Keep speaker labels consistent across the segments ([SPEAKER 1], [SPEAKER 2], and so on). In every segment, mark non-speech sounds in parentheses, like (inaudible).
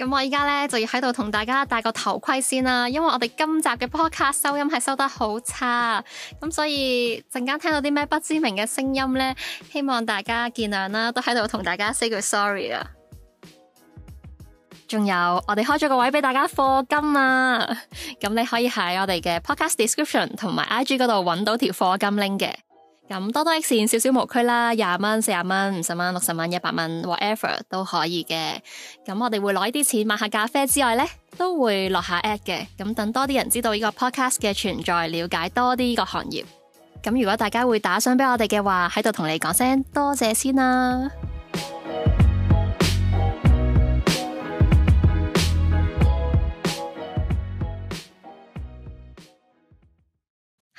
[SPEAKER 1] 咁我依家咧就要喺度同大家戴個頭盔先啦，因為我哋今集嘅 podcast 收音係收得好差，咁所以陣間聽到啲咩不知名嘅聲音呢，希望大家見諒啦，都喺度同大家 say 句 sorry 啊！仲有，我哋開咗個位俾大家課金啊！咁你可以喺我哋嘅 podcast description 同埋 IG 嗰度揾到條課金 link 嘅。咁多多益善，少少無拘啦，廿蚊、四十蚊、五十蚊、六十蚊、一百蚊，whatever 都可以嘅。咁我哋會攞啲錢買下咖啡之外呢，都會落下 app 嘅。咁等多啲人知道呢個 podcast 嘅存在，了解多啲呢個行業。咁如果大家會打賞俾我哋嘅話，喺度同你講聲多謝先啦。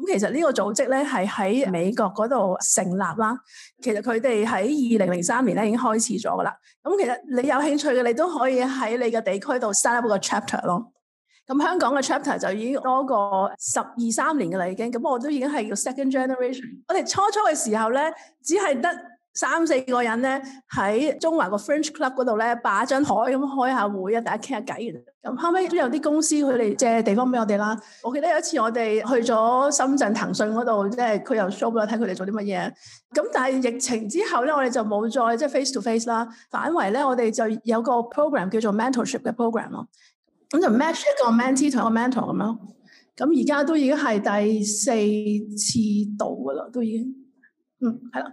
[SPEAKER 2] 咁其實呢個組織咧係喺美國嗰度成立啦。其實佢哋喺二零零三年咧已經開始咗噶啦。咁其實你有興趣嘅你都可以喺你嘅地區度 set up 個 chapter 咯。咁香港嘅 chapter 就已經多過十二三年嘅啦已經。咁我都已經係叫 second generation。我哋初初嘅時候咧，只係得，三四個人咧喺中環個 French Club 嗰度咧，擺張台咁開下會啊，大家傾下偈。咁後尾都有啲公司佢哋借地方俾我哋啦。我記得有一次我哋去咗深圳騰訊嗰度，即係佢又 show 我睇佢哋做啲乜嘢。咁但係疫情之後咧，我哋就冇再即係、就是、face to face 啦。反為咧，我哋就有個 program 叫做 mentorship 嘅 program 咯。咁就 match 一個 mentee 同一個 mentor 咁咯。咁而家都已經係第四次度噶啦，都已經嗯係啦。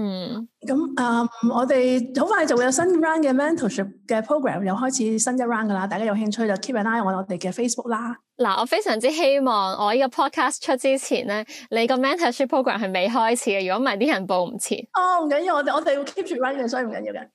[SPEAKER 2] 嗯，咁誒，我哋好快就會有新 round 嘅 mentorship 嘅 program 又開始新一 round 噶啦，大家有興趣就 keep an eye on 我我哋嘅 Facebook 啦。
[SPEAKER 1] 嗱，我非常之希望我呢個 podcast 出之前咧，你個 mentorship program 係未開始嘅，如果唔係啲人報唔切。哦，唔緊要，我我我 keep 住 running，所以唔緊要嘅。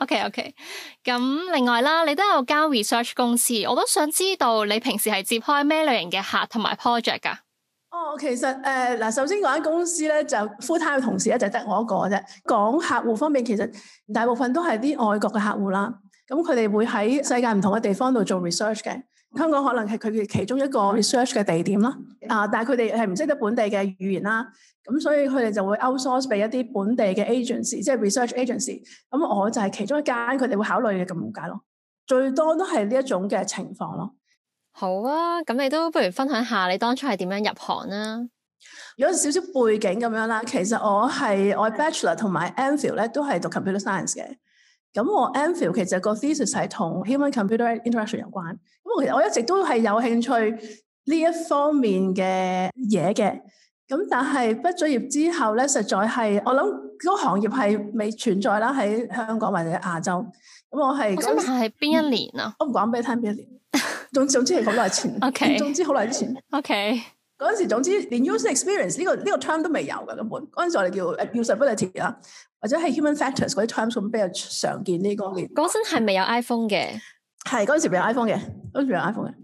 [SPEAKER 1] OK OK，咁另外啦，你都有間 research 公司，我都想知道你平時係接開咩類型嘅客同埋 project 噶？
[SPEAKER 2] 哦，其實誒嗱、呃，首先嗰間公司咧，就 full time 嘅同事咧就得我一個啫。講客戶方面，其實大部分都係啲外國嘅客戶啦。咁佢哋會喺世界唔同嘅地方度做 research 嘅。香港可能係佢哋其中一個 research 嘅地點啦。啊，但係佢哋係唔識得本地嘅語言啦。咁所以佢哋就會 outsource 俾一啲本地嘅 agency，即係 research agency。咁我就係其中一間，佢哋會考慮嘅咁解咯。最多都係呢一種嘅情況咯。好啊，咁你都不如分享下你當初係點樣入行啦？有少少背景咁樣啦，其實我係我係 Bachelor 同埋 MPhil 咧都係讀 Computer Science 嘅。咁我 MPhil 其實個 thesis 係同 Human Computer Interaction 有關。咁我其實我一直都係有興趣呢一方面嘅嘢嘅。咁但係畢咗業之後咧，實在係我諗嗰個行業係未存在啦，喺香港或者亞洲。咁我係我想問係邊一年啊？我唔講俾你聽邊一年。總總之好耐前，總之好耐前。OK，嗰陣、okay. 時，總之連 user experience 呢、這個呢、這個 term 都未有嘅根本，嗰陣時我哋叫 usability 啊，或者係 human factors 嗰啲 term 咁比較常見呢方面。嗰陣係咪有 iPhone 嘅？係嗰陣時未有 iPhone 嘅，都仲有 iPhone 嘅。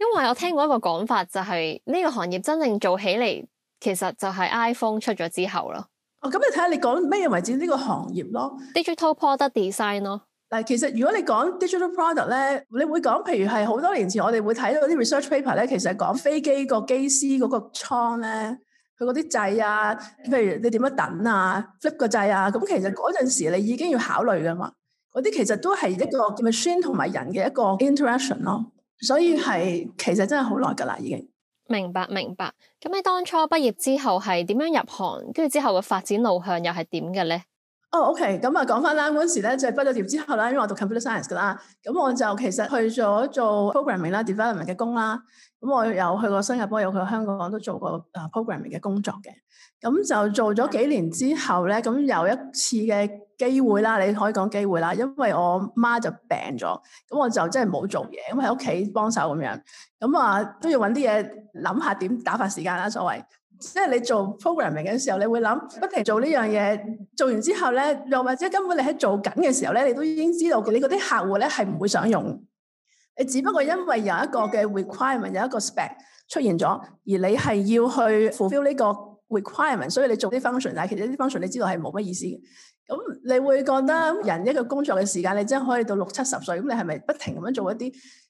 [SPEAKER 1] 因為我聽過一個講法，就係、是、呢個行業真正做起嚟，其實就係 iPhone 出咗之後咯。哦，咁你睇下你講
[SPEAKER 2] 咩為止呢個行業咯？Digital product design 咯。嗱，其實如果你講 digital product 咧，你會講譬如係好多年前我哋會睇到啲 research paper 咧，其實係講飛機個機師嗰個艙咧，佢嗰啲掣啊，譬如你點樣等啊，flip 個掣啊，咁其實嗰陣時你已經要考慮噶嘛，嗰啲其實都係一個 machine 同埋人
[SPEAKER 1] 嘅一個 interaction 咯，所以係
[SPEAKER 2] 其實真係好耐㗎啦已經。
[SPEAKER 1] 明白明白，咁你當初畢業之後係點樣入行，跟住之後嘅發展路向又係點嘅咧？
[SPEAKER 2] 哦，OK，咁啊，講翻啦，嗰陣時咧就係畢咗業之後啦，因為我讀 computer science 噶啦，咁我就其實去咗做 programming 啦、development 嘅工啦。咁我有去過新加坡，有去過香港，都做過 programming 嘅工作嘅。咁就做咗幾年之後咧，咁有一次嘅機會啦，你可以講機會啦，因為我媽就病咗，咁我就真係冇做嘢，咁喺屋企幫手咁樣，咁啊都要搵啲嘢諗下點打發時間啦，所謂。即係你做 programming 嘅時候，你會諗不停做呢樣嘢，做完之後咧，又或者根本你喺做緊嘅時候咧，你都已經知道你嗰啲客戶咧係唔會想用。你只不過因為有一個嘅 requirement，有一個 spec 出現咗，而你係要去 fulfill 呢個 requirement，所以你做啲 function，但係其實啲 function 你知道係冇乜意思嘅。咁你會覺得人一個工作嘅時間，你真係可以到六七十歲，咁你係咪不，不停咁樣做一啲？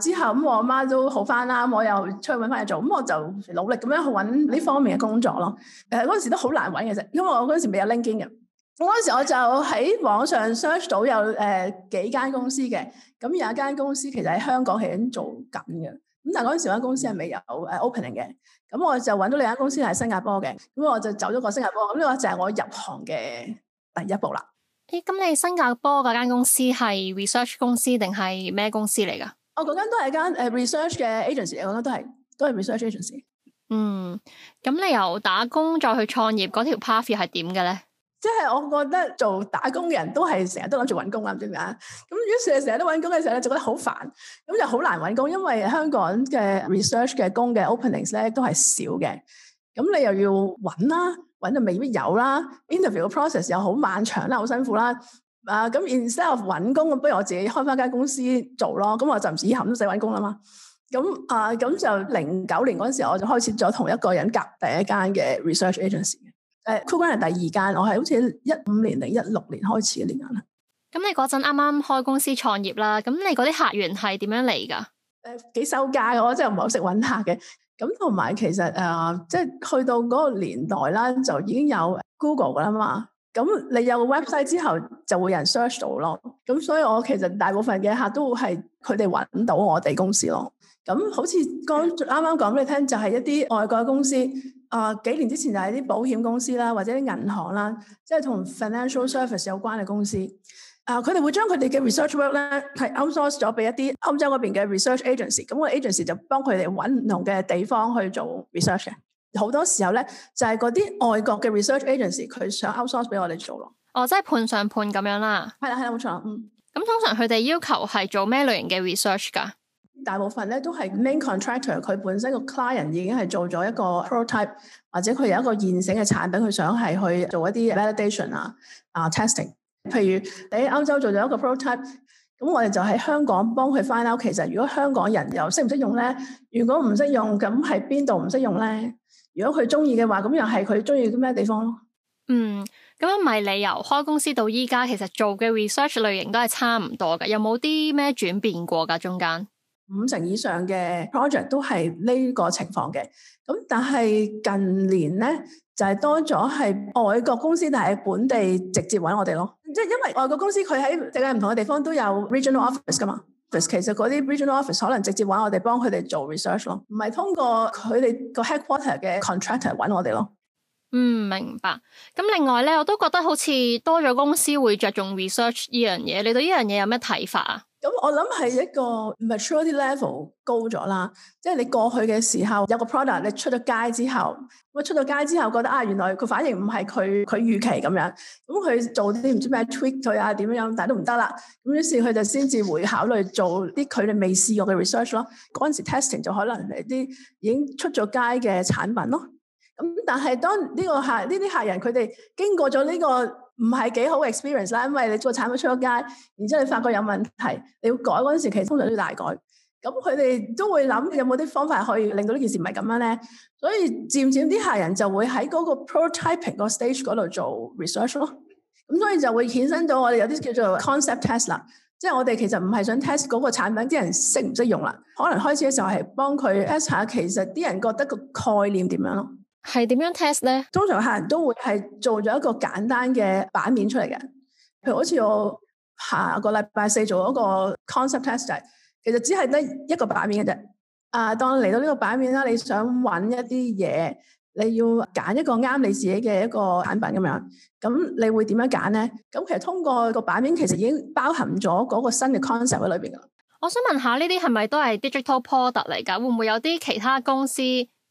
[SPEAKER 2] 之後咁我阿媽都好翻啦，我又出去搵翻嘢做，咁我就努力咁樣去搵呢方面嘅工作咯。誒，嗰陣時都好難搵嘅啫，因為我嗰陣時未有 LinkedIn 嘅。我嗰陣時我就喺網上 search 到有誒幾間公司嘅，咁有一間公司其實喺香港係咁做緊嘅，咁但係嗰陣時嗰間公司係未有誒 opening 嘅。咁我就搵到另一間公司係新加坡嘅，咁我就走咗個新加坡，咁、這、呢個就係我入行嘅第一步啦。
[SPEAKER 1] 咦，咁你新加坡嗰間公司係 research 公司定係咩公司嚟噶？我嗰間都係間 research
[SPEAKER 2] 嘅 agency，我覺得都係都係都係 research agency。嗯，
[SPEAKER 1] 咁你由打工再去創業嗰條 path 係點嘅咧？即係我覺得做打工嘅人都係成日都諗住揾
[SPEAKER 2] 工啦，唔知點解。咁如果成日都揾工嘅時候咧，就覺得好煩。咁就好難揾工，因為香港嘅 research 嘅工嘅 openings 咧都係少嘅。咁你又要揾啦，揾又未必有啦。interview 嘅 process 又好漫長啦，好辛苦啦。啊，咁 instead of 揾工，咁不如我自己開返間公司做咯。咁我就唔是以後都使揾工啦嘛。咁啊，咁就零九年嗰陣時，我就開始咗同一個人夾第一間嘅 research agency，uh, second, like。誒 (noise) (noise) (noise) ，uh, uh, uh, uh,Google 係第二間，我係好似一五年定一六年開始嘅年間啦。
[SPEAKER 1] 咁你嗰陣啱啱開公司創業啦，咁你嗰啲客源係點樣嚟㗎？誒幾收街，
[SPEAKER 2] 我真係唔係好識揾客嘅。咁同埋其實誒，即係去到嗰個年代啦，就已經有 Google 噶啦嘛。咁你有個 website 之後就會有人 search 到咯，咁所以我其實大部分嘅客都係佢哋揾到我哋公司咯。咁好似剛啱啱講俾你聽，就係一啲外國公司啊，呃，幾年之前就係啲保險公司啦，或者啲銀行啦，即係同 financial service 有關嘅公司。啊，呃，佢哋會將佢哋嘅 research work 咧係 outsource 咗俾一啲歐洲嗰邊嘅 research agency，咁個 agency 就幫佢哋揾唔同嘅地方去做 research 嘅。好多時候咧，就係嗰啲外
[SPEAKER 1] 國嘅 research agency，佢想 outsource 俾我哋做咯。哦，即係判上判咁樣啦。係啦係啦，冇錯。嗯，咁通常佢哋要求係做咩類型嘅 research 噶？大部分咧都係
[SPEAKER 2] main contractor，佢本身個 client 已經係做咗一個 prototype，或者佢有一個現成嘅產品，佢想係去做一啲 validation 啊啊 testing。譬如你喺歐洲做咗一個 prototype，咁我哋就喺香港幫佢 find out，其實如果香港人又識唔識用咧？如果唔識用，咁喺邊度唔識用咧？如果佢中意嘅話，咁又係佢中意啲
[SPEAKER 1] 咩地方咯？嗯，咁咪你由開公司到依家，其實做嘅 research 類型都係差唔多嘅，有冇啲咩轉變過噶？中間五成以上嘅 project 都係呢個情況嘅，咁但係近年
[SPEAKER 2] 咧就係、是、多咗係外國公司，但係本地直接搵我哋咯，即係因為外國公司佢喺世界各地唔同嘅地方都有 regional office 噶嘛。其實嗰啲 Regional Office 可能直接揾我哋幫佢哋做 research 咯，唔係通過佢哋個 headquarter 嘅 contractor 揾我哋咯。唔、
[SPEAKER 1] 嗯、明白。咁另外咧，我都覺得好似多咗公司會着重 research 呢樣嘢。你對呢樣嘢有咩睇法啊？咁我
[SPEAKER 2] 諗係一個 maturity level 高咗啦，即係你過去嘅時候有個 product，你出咗街之後，咁出咗街之後覺得啊，原來佢反應唔係佢佢預期咁樣，咁佢做啲唔知咩 tweak 佢啊點樣樣，但係都唔得啦，咁於是佢就先至會考慮做啲佢哋未試過嘅 research 咯，嗰陣時 testing 就可能係啲已經出咗街嘅產品咯，咁但係當呢個客呢啲客人佢哋經過咗呢個。唔係幾好嘅 experience 啦，因為你做產品出咗街，然之後你發覺有問題，你要改嗰陣時，其實通常都要大改。咁佢哋都會諗有冇啲方法可以令到呢件事唔係咁樣咧。所以漸漸啲客人就會喺嗰個 prototyping 個 stage 嗰度做 research 咯。咁所以就會衍生咗我哋有啲叫做 concept test 啦。即係我哋其實唔係想 test 嗰個產品啲人識唔識用啦，可能開始嘅時候係幫佢 test 下，其實啲人覺得個概念點樣咯。係點樣 test 咧？通常客人都會係做咗一個簡單嘅版面出嚟嘅，譬如好似我下個禮拜四做一個 concept test，其實只係得一個版面嘅啫。啊，當嚟到呢個版面啦，你想揾一啲嘢，你要揀一個啱你自己嘅一個產品咁樣，咁你會點樣揀咧？咁其實通過個版面，其實已經包含咗嗰個新嘅 concept 喺裏邊噶啦。
[SPEAKER 1] 我想問下，呢啲係咪都係 digital product 嚟噶？會唔會有啲其他公司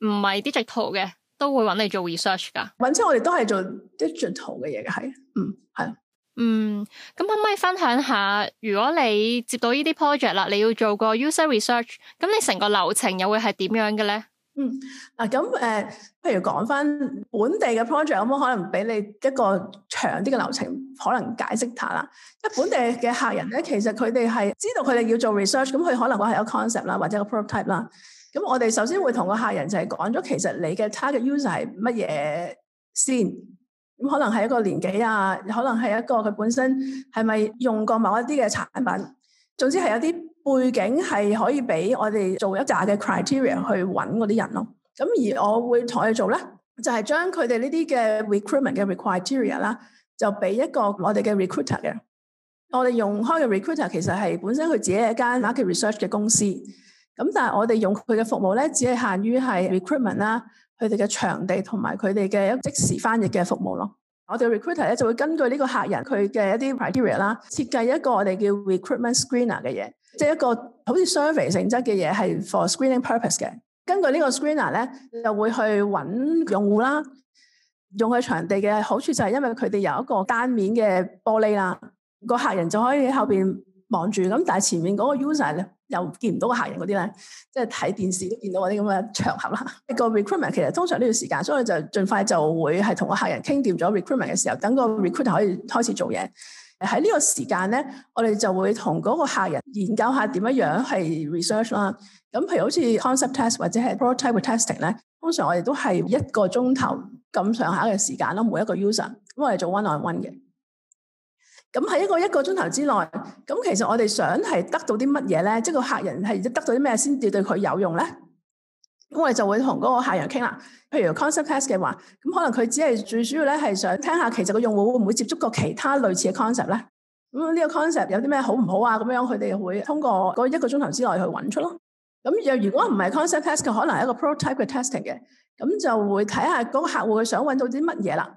[SPEAKER 1] 唔係 digital 嘅？都會揾你做 research 噶，揾清我哋都係做 digital 嘅嘢嘅，係，
[SPEAKER 2] 嗯，
[SPEAKER 1] 係，嗯，咁可唔可以分享下，如果你接到呢啲 project 啦，你要做個 user research，咁你成個流程又會係點樣嘅咧？嗯，
[SPEAKER 2] 嗱、咁、呃、誒，譬如講翻本地嘅 project，咁可能俾你一個長啲嘅流程，可能解釋下啦。因為本地嘅客人咧，其實佢哋係知道佢哋要做 research，咁佢可能話係有 concept 啦，或者一個 prototype 啦。咁我哋首先會同個客人就係講咗，其實你嘅 target user 係乜嘢先？咁可能係一個年紀啊，可能係一個佢本身係咪用過某一啲嘅產品，總之係有啲背景係可以俾我哋做一扎嘅 criteria 去揾嗰啲人咯。咁而我會同佢做咧，就係將佢哋呢啲嘅 recruitment 嘅 requirement 啦，就俾一個我哋嘅 recruiter 嘅。我哋用開嘅 recruiter 其實係本身佢自己係一間 market research 嘅公司。咁但係我哋用佢嘅服務咧，只係限於係 recruitment 啦，佢哋嘅場地同埋佢哋嘅一即時翻譯嘅服務咯。我哋 recruiter 咧就會根據呢個客人佢嘅一啲 criteria 啦，設計一個我哋叫 recruitment screener 嘅嘢，即係一個好似 survey 性質嘅嘢，係 for screening purpose 嘅。根據呢個 screener 咧，就會去揾用戶啦。用佢場地嘅好處就係因為佢哋有一個單面嘅玻璃啦，個客人就可以喺後面。住咁，但係前面嗰個 user 咧又見唔到個客人嗰啲咧，即係睇電視都見到嗰啲咁嘅場合啦。個 recruitment 其實通常呢段時間，所以我就盡快就會係同個客人傾掂咗 recruitment 嘅時候，等個 recruiter 可以開始做嘢。喺呢個時間咧，我哋就會同嗰個客人研究下點樣係 research 啦。咁譬如好似 concept test 或者係 prototype testing 咧，通常我哋都係一個鐘頭咁上下嘅時間咯，每一個 user，咁我哋做 one on one 嘅。咁喺一個一個鐘頭之內，咁其實我哋想係得到啲乜嘢咧？即客呢個客人係得到啲咩先至對佢有用咧？咁我哋就會同嗰個客人傾啦。譬如 concept test 嘅話，咁可能佢只係最主要咧係想聽下，其實個用戶會唔會接觸過其他類似嘅 concept 咧？咁呢個 concept 有啲咩好唔好啊？咁樣佢哋會通過嗰一個鐘頭之內去揾出咯。咁如果唔係 concept test 嘅，可能係一個 prototype testing 嘅，咁就會睇下嗰個客戶想揾到啲乜嘢啦。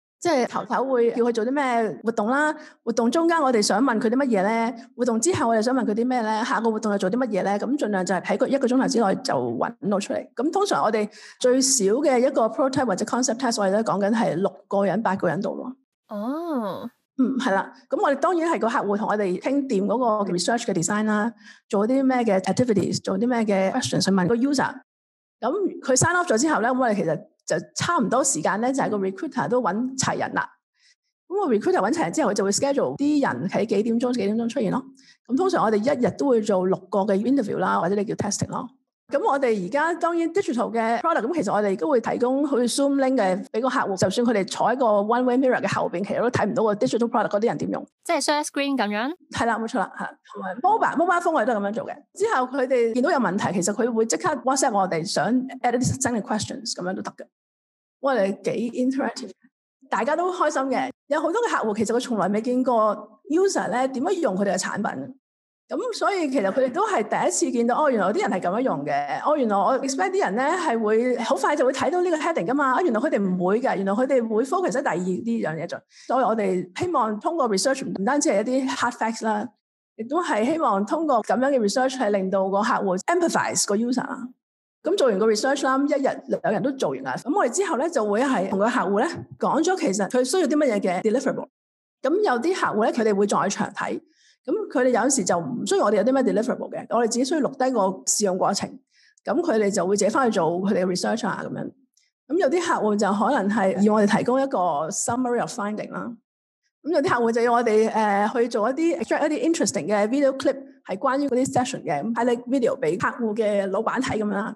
[SPEAKER 2] 即係頭頭會叫佢做啲咩活動啦，活動中間我哋想問佢啲乜嘢咧，活動之後我哋想問佢啲咩咧，下個活動又做啲乜嘢咧，咁盡量就係喺個一個鐘頭之內就揾到出嚟。咁通常我哋最少嘅一個 prototype 或者 concept test，我哋都講緊係六個人、八個人度咯。哦、oh.，嗯，係啦。咁我哋當然係個客戶同我哋傾掂嗰個 research 嘅 design 啦，做啲咩嘅 activities，做啲咩嘅 questions 想問個 user。咁佢 sign off 咗之後咧，咁我哋其實～就差唔多時間咧，就係個 recruiter 都揾齊人啦。咁個 recruiter 揾齊人之後，佢就會 schedule 啲人喺幾點鐘、幾點鐘出現咯。咁通常我哋一日都會做六個嘅 interview 啦，或者你叫 testing 咯。咁我哋而家當然 digital 嘅 product，咁其實我哋都會提供好似 Zoom link 嘅俾個客戶，就算佢哋坐喺個 one-way mirror 嘅後邊，其實都睇唔到個 digital product 嗰啲人點用，即係 share screen 咁樣。係啦，冇錯啦，嚇同埋 mobile，mobile phone 我哋都係咁樣做嘅。之後佢哋見到有問題，其實佢會即刻 WhatsApp 我哋，想 add 啲新嘅 questions 咁樣都得嘅。我哋幾 interactive，大家都開心嘅。有好多嘅客戶其實佢從來未見過 user 咧點樣用佢哋嘅產品。咁所以其實佢哋都係第一次見到哦，原來我啲人係咁樣用嘅。哦，原來我 expect 啲人咧係會好快就會睇到呢個 heading 噶嘛。啊、哦，原來佢哋唔會㗎。原來佢哋會 focus 喺第二啲樣嘢做。所以我哋希望通過 research 唔單止係一啲 hard facts 啦，亦都係希望通過咁樣嘅 research 係令到個客戶 empathize 個 user。咁做完個 research 啦，一日有人都做完啦。咁我哋之後咧就會係同個客戶咧講咗其實佢需要啲乜嘢嘅 deliverable。咁有啲客戶咧佢哋會在場睇。咁佢哋有時就唔需要我哋有啲咩 deliverable 嘅，我哋只需要錄低個試用過程。咁佢哋就會自己翻去做佢哋嘅 research 啊咁樣。咁有啲客戶就可能係要我哋提供一個 summary of finding 啦。咁有啲客戶就要我哋、呃、去做一啲 extract 一啲 interesting 嘅 video clip，係關於嗰啲 session 嘅，派啲 video 俾客戶嘅老闆睇咁樣啦。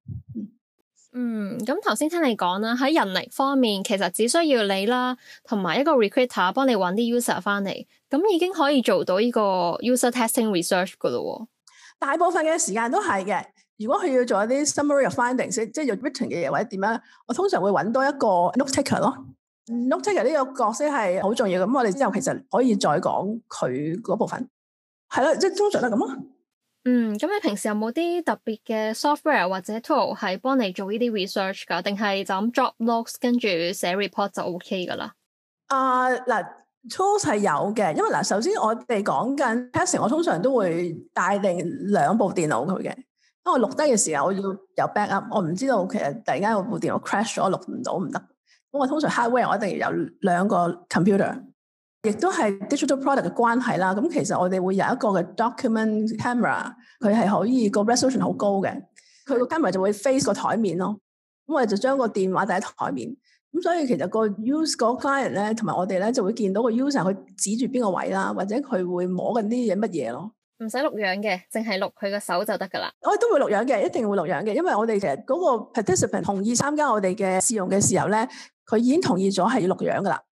[SPEAKER 1] 嗯，咁頭先聽你講啦，喺人力方面其實只需要你啦，同埋一個 recruiter 幫你揾啲 user 翻嚟，咁已經可以做到呢個 user testing research 噶咯。
[SPEAKER 2] 大部分嘅時間都係嘅，如果佢要做一啲 summary of findings，即係要 written 嘅嘢或者點樣，我通常會揾多一個 note taker 咯。note taker 呢個角色係好重要咁，我哋之後其實可以再講佢嗰部分，係啦，即係通常都係咁啊。
[SPEAKER 1] 嗯，咁你平時有冇啲特別嘅 software 或者 tool 係幫你做呢啲 research 噶？定係就咁 job logs 跟住寫 report 就 OK 噶、uh, 啦？
[SPEAKER 2] 啊，嗱，tools 係有嘅，因為嗱，首先我哋講緊 passing 我通常都會帶定兩部電腦嘅，因為我錄低嘅時候我要有 backup，我唔知道其實突然間有部電腦 crash 咗，我錄唔到唔得，咁我通常 hardware 我一定要有兩個 computer。亦都係 digital product 嘅關係啦，咁其實我哋會有一個嘅 document camera，佢係可以個 resolution 好高嘅，佢個 camera 就會 face 個台面咯。咁我哋就將個電話帶喺台面，咁所以其實個 use 嘅 client 咧，同埋我哋咧就會見到個 user 佢指住邊個位啦，或者佢會摸緊啲嘢乜嘢咯。
[SPEAKER 1] 唔使錄樣嘅，淨係錄佢個手就得噶啦。
[SPEAKER 2] 我、哦、哋都會錄樣嘅，一定會錄樣嘅，因為我哋其實嗰個 participant 同意參加我哋嘅試用嘅時候咧，佢已經同意咗係要錄樣噶啦。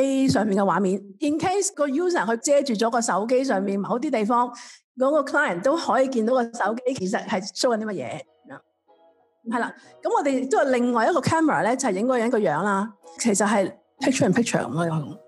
[SPEAKER 2] 機上面嘅畫面，in case 個 user 佢遮住咗個手機上面某啲地方，嗰個 client 都可以見到個手機其實係 show 緊啲乜嘢，係啦。咁我哋都係另外一個 camera 咧，就係影嗰個人個樣啦。其實係 picture in picture 咁咯。